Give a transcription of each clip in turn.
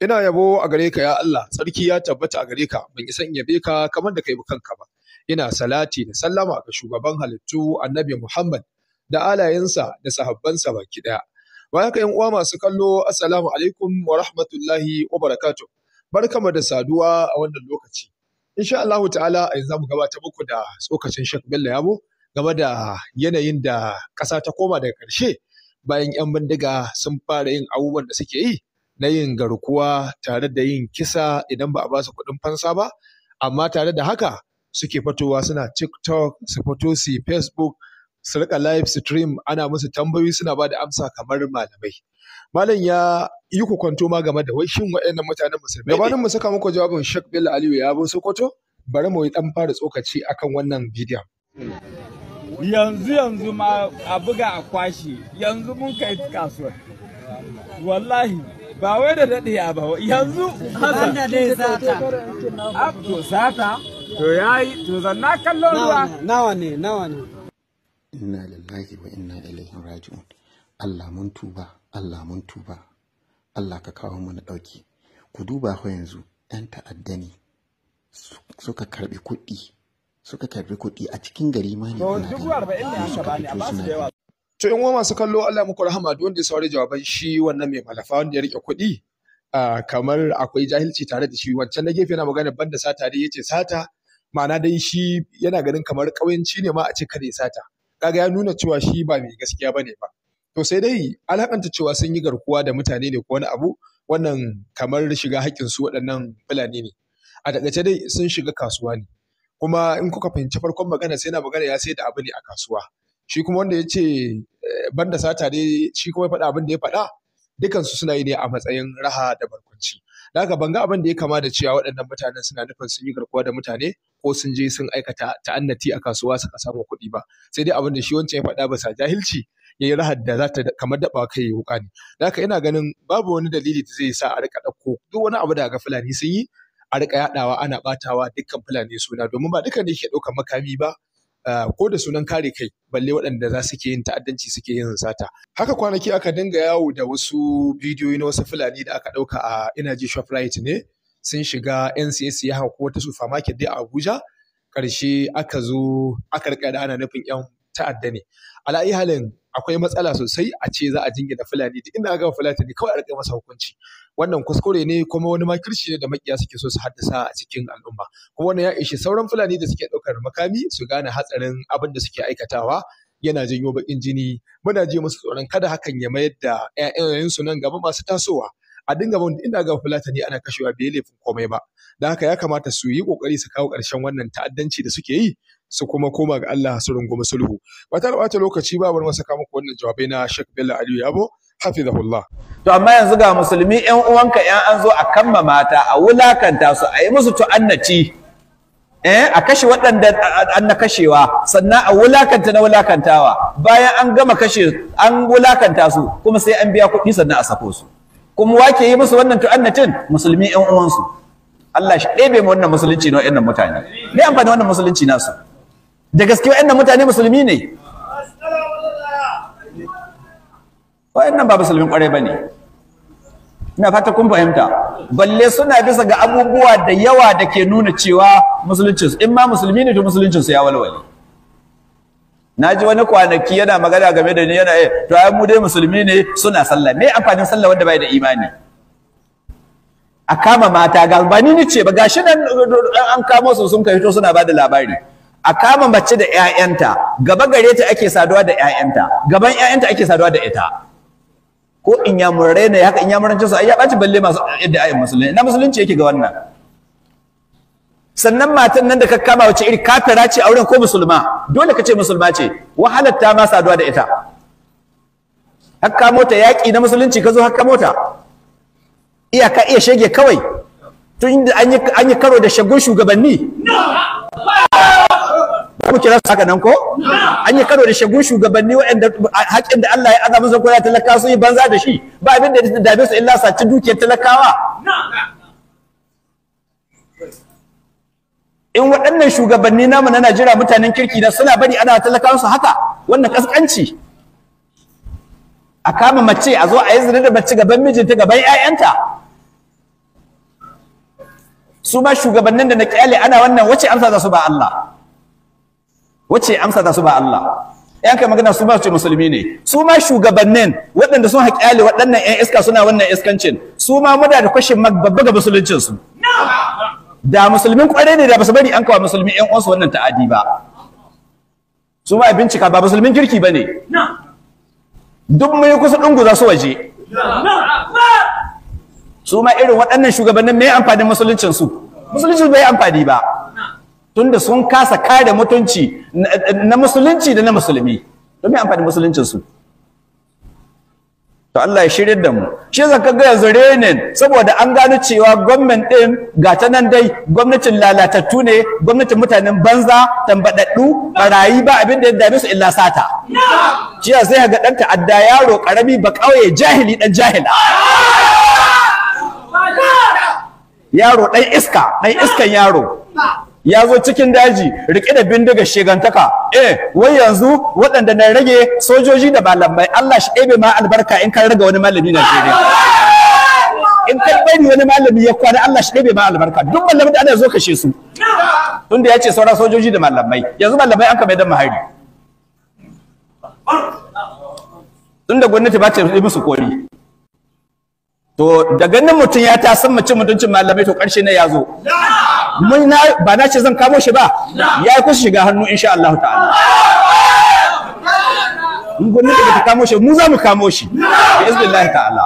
ina yabo a gare ka ya Allah sarki ya tabbata a gare ka ban isa in yabe ka kamar da kai ba kanka ba ina salati da sallama ga shugaban halittu annabi Muhammad da alayensa da sahabbansa baki daya bayan ka yan uwa masu kallo assalamu alaikum wa rahmatullahi wa barakatuh barkama da saduwa a wannan lokaci insha Allah ta'ala a yanzu mu gabata muku da tsokacin Sheikh Bello Yabo game da yanayin da ƙasa ta koma daga ƙarshe bayan 'yan bindiga sun fara yin abubuwan da suke yi na yin garkuwa tare da yin kisa idan ba a basu kuɗin fansa ba amma tare da haka suke fitowa suna tiktok su fito su facebook su rika live stream ana musu tambayoyi suna ba da amsa kamar malamai malam ya yi ku kwanto ma game da shin wa'annan mutanen musulmai gabanin mu saka muku jawabin Sheikh Bello Aliyu ya bo Sokoto bari mu yi dan fara tsokaci akan wannan bidiyon yanzu yanzu ma a buga a kwashe yanzu mun kai kasuwa wallahi ba wai da daɗe ba yanzu hasan da dai sata to zata to yayi to zanna kallon ruwa nawa ne nawa ne inna lillahi wa inna ilaihi raji'un Allah mun tuba Allah mun tuba Allah ka kawo mana ɗauki ku duba ko yanzu 'yan ta'adda ne suka karɓi kuɗi suka karbi kuɗi a cikin gari ma ne ana da suka fito suna To in wa masu kallo Allah muku rahama duk wanda ya saurari jawaban shi wannan mai malafa wanda ya rike kuɗi kamar akwai jahilci tare da shi wancan na gefe yana magana banda sata dai yace sata ma'ana dai shi yana ganin kamar ƙauyenci ne ma a ce kada ya sata kaga ya nuna cewa shi ba mai gaskiya bane ba to sai dai alhakanta cewa sun yi garkuwa da mutane ne ko wani abu wannan kamar shiga haƙƙin su waɗannan fulani ne a takaice dai sun shiga kasuwa ne kuma in kuka fahimci farkon magana sai na magana ya sai da abu ne a kasuwa shi kuma wanda ya ce banda sata ne shi kuma faɗa abin da ya faɗa dukansu suna yi ne a matsayin raha da barkwanci da haka ban ga abin da ya kama da cewa waɗannan mutanen suna nufin sun yi garkuwa da mutane ko sun je sun aikata ta'annati a kasuwa suka samu kuɗi ba sai dai abin da shi wancan ya faɗa ba sa jahilci ya yi rahar da za ta kamar daɓa kai wuƙa ne da haka ina ganin babu wani dalili da zai sa a rika ɗauko duk wani abu da ga fulani sun yi a rika yaɗawa ana ɓatawa dukkan fulani suna domin ba dukkan ne ke ɗaukar makami ba ko da sunan kare kai balle waɗanda za su ke yin ta'addanci suke yin sata haka kwanaki aka dinga yawo da wasu bidiyoyi na wasu fulani da aka ɗauka a energy shoprite ne sun shiga NCS ya hako wata supermarket dai a Abuja ƙarshe aka zo aka rika da ana nufin 'yan ta'adda ne. Ala'i halin akwai matsala sosai a ce za a jingina fulani duk inda aka fulani kawai a rika masa hukunci wannan kuskure ne kuma wani makirci ne da makiya suke so su haddasa a cikin al'umma kuma wannan ya ishe sauran fulani da suke ɗaukar makami su gane hatsarin abin da suke aikatawa yana janyo baƙin jini muna ji musu tsoron kada hakan ya mayar da 'ya'yansu nan gaba masu tasowa a dinga bin inda ga fulatani ana kashewa bai laifin komai ba da haka ya kamata su yi kokari su kawo ƙarshen wannan ta'addanci da suke yi su kuma koma ga Allah su rungumi sulhu ba ta bata lokaci ba bari saka muku wannan jawabai na Sheikh Bello Aliyu Yabo hafizahullah to amma yanzu ga musulmi ƴan uwanka ƴan an zo a kamma mata a wulakanta su a yi musu tu'annaci eh a kashe waɗanda an na kashewa sannan a wulakanta na wulakantawa bayan an gama kashe an wulakanta su kuma sai an biya kuɗi sannan a sako su kuma wake yi musu wannan tu'annatin musulmi ƴan uwansu Allah shi ɗebe mu wannan musulunci na waɗannan mutane me amfani wannan musulunci nasu da gaske waɗannan mutane musulmi ne nan ba musulmin ƙwarai ne. ina fata kun fahimta balle suna bisa ga abubuwa da yawa da ke nuna cewa musuluncinsu in ma musulmi ne to musuluncinsu ya walwale Na ji wani kwanaki yana magana game da ni yana eh to ai mu dai musulmi ne suna sallah me amfanin sallah wanda bai da imani a kama mata ga ba ni ce ba gashi nan an kamo su sun kai to suna bada labari a kama mace da ƴaƴanta gaba gare ta ake saduwa da ƴaƴanta gaban ƴaƴanta ake saduwa da ita ko in yamurai ne haka in yamurancin su ai ya baci balle masu yadda ayin musulmi Na musulunci yake ga wannan sannan matan nan da ka kama wace iri kafira ce auren ko musulma dole ka ce musulma ce Wahalatta ma saduwa da ita hakka mota yaƙi na musulunci ka zo hakka mota iyaka iya shege kawai tun da an yi karo da shagun shugabanni mu kira su haka nan ko an yi karo da shagun shugabanni waɗanda haƙƙin da Allah ya azama zan koya talakawa sun yi banza da shi ba abin da ya dabe su illa saci dukiyar talakawa in waɗannan shugabanni namu na Najeriya mutanen kirki na suna bari ana talakawa su haka wannan kaskanci a kama mace a zo a yi zina da mace gaban mijinta gaban ƴaƴanta. su ma shugabannin da na kyale ana wannan wace amsa za su ba Allah wace amsa za su ba Allah ƴan kai magana su ma su ce musulmi ne su ma shugabannin waɗanda sun haƙyale waɗannan 'yan iska suna wannan iskancin su ma muna da kwashin babba ga musuluncinsu da musulmin kwarai ne da basu bari an kawo musulmi ƴan uwansu wannan ta'adi ba su ba bincika ba musulmin kirki ba ne duk mai kusa za su waje su ma irin waɗannan shugabannin mai amfani musuluncin su musulunci bai amfani ba tunda sun kasa kare mutunci na musulunci da na musulmi don mai amfani musuluncin su to Allah ya shirye da mu shi zaka ga yanzu renin saboda an gano cewa gwamnan ɗin ga ta nan dai gwamnatin lalatattu ne gwamnatin mutanen banza tambaɗaɗɗu barayi ba abin da ya dame su illa sata shi sai ga ɗan ta'adda yaro karami ba ƙauye jahili dan jahila yaro dan iska ɗan iskan yaro ya zo cikin daji riƙe da bindiga shegantaka eh wai yanzu waɗanda na rage sojoji da malamai Allah shi ɗebe ma albarka in ka rage wani malami na jere in ka bari wani malami ya kwana Allah shi ɗebe ma albarka duk malamin da ana zo kashe su tunda ya ce sauran sojoji da malamai yanzu malamai an mai da mahari tunda gwamnati ba ta yi musu kori to da ganin mutum ya ta san mace mutuncin malamai to ƙarshe ne ya zo mun ba na ce zan kamo shi ba ya yi kusa shiga hannu insha Allah ta'ala mun gwamnati da ta kamo shi mu za mu kamo shi bi iznillahi ta'ala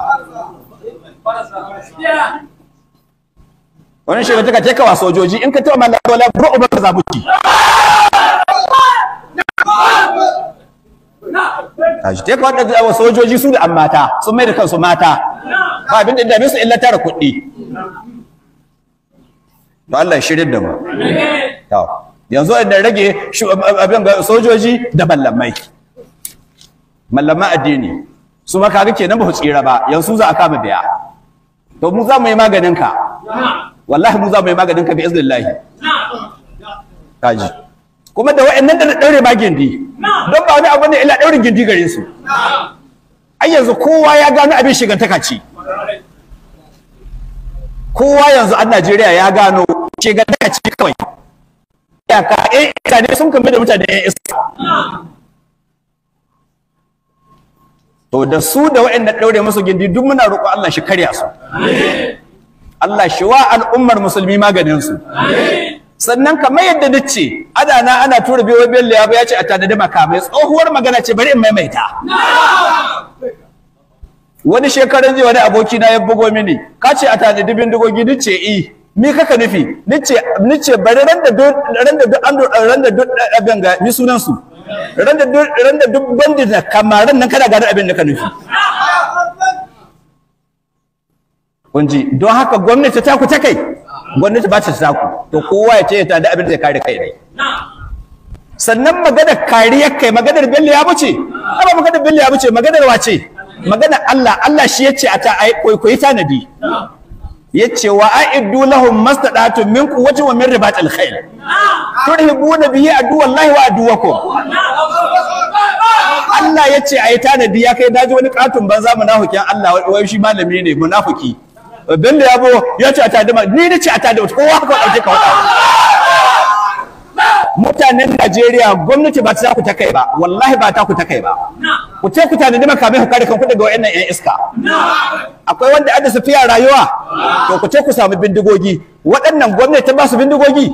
wani shi ka je kawa sojoji in ka taɓa mallaka wala bro ba ka zabuki kaji shi ta wadda sojoji su da an mata sun mai da kansu mata ba abin da dame su illa tara kuɗi to Allah shirin da mu yanzu da rage abin ga sojoji da mallamai Mallamai addini su ma kaga kenan ba su tsira ba yanzu za a kama biya to mu za mu yi maganin ka wallahi mu za mu yi maganin ka bi iznillahi kaji kuma da wa'annan da daure ma gindi don ba wani abu ne illa daurin gindi gare su ai yanzu kowa ya gano abin shigantaka ce kowa yanzu a Najeriya ya gano shiga daga ci kawai iyaka eh mutane sun kame da mutane ya iska to da su da waɗanda ɗaure musu gindi duk muna roƙo Allah shi karya su Allah shi wa al'ummar musulmi maganin su sannan kamar yadda ce, adana ana tura biyo biyan ya ba ya ce a tanadi makamai tsohuwar magana ce bari in maimaita wani shekaran jiya wani aboki na ya bugo mini ka ce a tanadi bindigogi duk ce eh. Ni kaka nufi nice nice bari randa randa duk an randa duk eh, abin ga ni sunan su randa duk randa duk bandit na kamaran nan kada gadar abin da ka nufi kunji don haka gwamnati ta ku ta kai gwamnati ba ta ta ku to kowa ya ce ta da abin da kare kai ne sannan maganar kariya kai maganar bello ya buce amma maganar bello ya buce maganar wace maganar Allah Allah shi yace a ta ai koyi tanadi yace wa a'iddu lahum mastada'tu min quwwati wa min ribat alkhayl turhibuna bihi wallahi wa aduwakum Allah yace ayi tanadi ya kai daji wani katun banza munafikin Allah wai shi malami ne munafiki dan da yabo yace a tadima ni ce a tadima kowa ka dauke ka wada mutanen Najeriya gwamnati ba ta ku ta kai ba wallahi ba ta ku ta kai ba ku ce ku tanadi makamai ku kare kanku daga wayannan yan iska akwai wanda ada su fiya rayuwa to ku ce ku samu bindigogi waɗannan gwamnati ba su bindigogi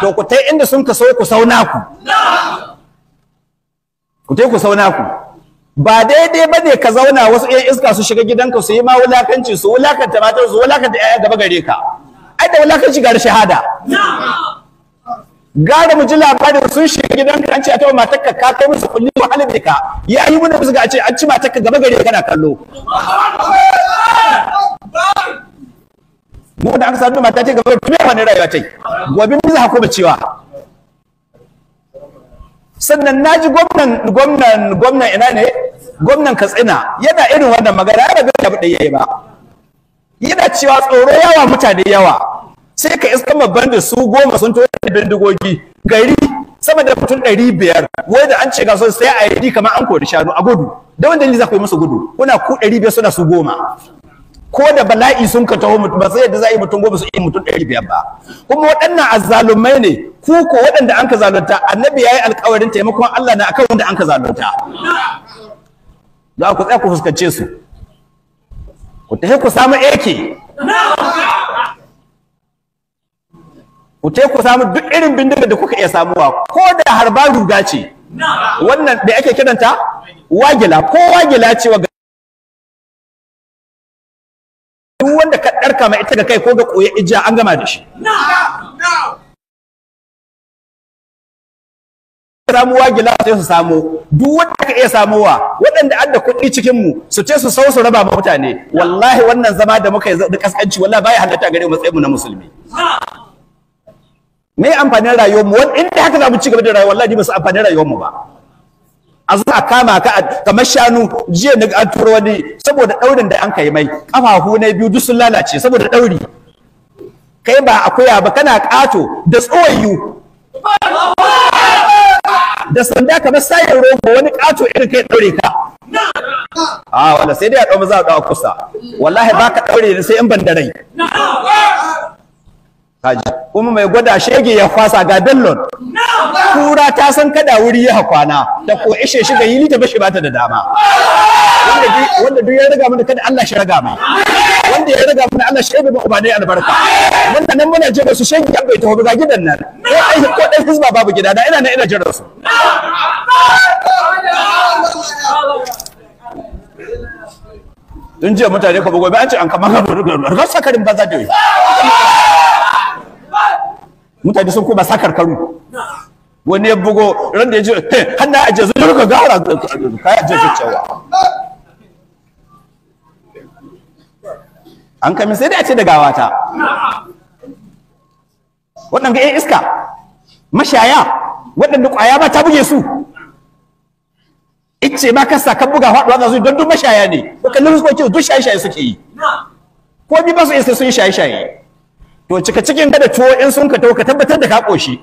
to ku ta inda sun kaso ku sauna ku ku ta ku sauna ku ba daidai ba ne ka zauna wasu yan iska su shiga gidanka su yi ma wulakanci su wulakanta matar su wulakanta 'ya'ya gaba gare ka ai da wulakanci gari shahada gara mu ji labarin sun shiga gidan ka an ce a taɓa matarka ka kai musu kulli wahalar da ka ya yi mun musu ga ce an ci matarka gaba gare kana kallo mu da aka sadu mata ce gaba tun wani rayuwa ta yi gobe mu za ba cewa sannan na ji gwamnan gwamnan gwamnan ina ne gwamnan katsina yana irin wannan magana ya rabe da yayi ba yana cewa tsoro yawa mutane yawa sai ka iska babban da su goma sun tura bindigogi gari sama da mutum ɗari biyar wai da an ce ga sai a yi kamar an kori shanu a gudu da wanda ni za ku yi musu gudu kuna ku ɗari biyar suna su goma ko da bala'i sun ka taho mutum ba sai yadda za a yi mutum goma su yi mutum ɗari biyar ba kuma waɗannan azzalumai ne ku ko waɗanda an ka zalunta annabi ya yi alkawarin taimakon Allah na akan wanda an ka zalunta za ku tsaya ku fuskance su ku tafi ku samu eke ku te ku samu duk irin bindiga da kuka iya samuwa ko da harba ruga ce wannan da ake kiranta wagila ko wagila ce wa duk wanda ka ɗarka mai ita ga kai ko ga koya ijiya an gama da shi samu wagila sai su samu duk wanda ka iya samuwa waɗanda adda kuɗi cikin mu su ce su sau su raba ma mutane wallahi wannan zama da muka yi da kaskanci wallahi baya halatta gare mu matsayin mu na musulmi me amfanin rayuwar mu inda haka za mu ci gaba da rayuwa wallahi ba su amfanin rayuwar mu ba a zo a kama ka kamar shanu jiya na an turo wani saboda daurin da an kai mai kafafu na biyu duk sun lalace saboda dauri kai ba akuya ba kana kato da tsoyu da sanda kamar sayar rogo wani kato irin kai daure ka a ah, wala sai dai a dau za a dau kusa wallahi baka daure sai in ban da rai kaji kuma mai gwada shege ya fasa ga bellon kura ta san kada wuri ya kwana ta ko ishe shi ga yili ta bashi bata da dama wanda duk ya riga mana kada Allah shi riga ma wanda ya riga mana Allah shi ba uba dai albarka wanda nan muna ba su shege an bai taho ga gidan nan ko ai ko dai hizba babu gida da ina nan ina jira su tun jiya mutane ka bugo bai an ce an kama ka rasa ba za ta yi mutane sun koma sakar karu wani ya bugo ran da ya ji hannu a da ka gara kaya jazu cewa an kamin sai dai a ce da gawata waɗanda ya iska mashaya waɗanda ƙwaya ba ta buge su ice ba ka sa ka buga faɗuwa za su don duk mashaya ne ba kallon su ko duk shaye-shaye suke yi ko bi ba su isa sun yi shaye-shaye to cika cikin kada tuwo in sun ka to ka tabbatar da ka koshi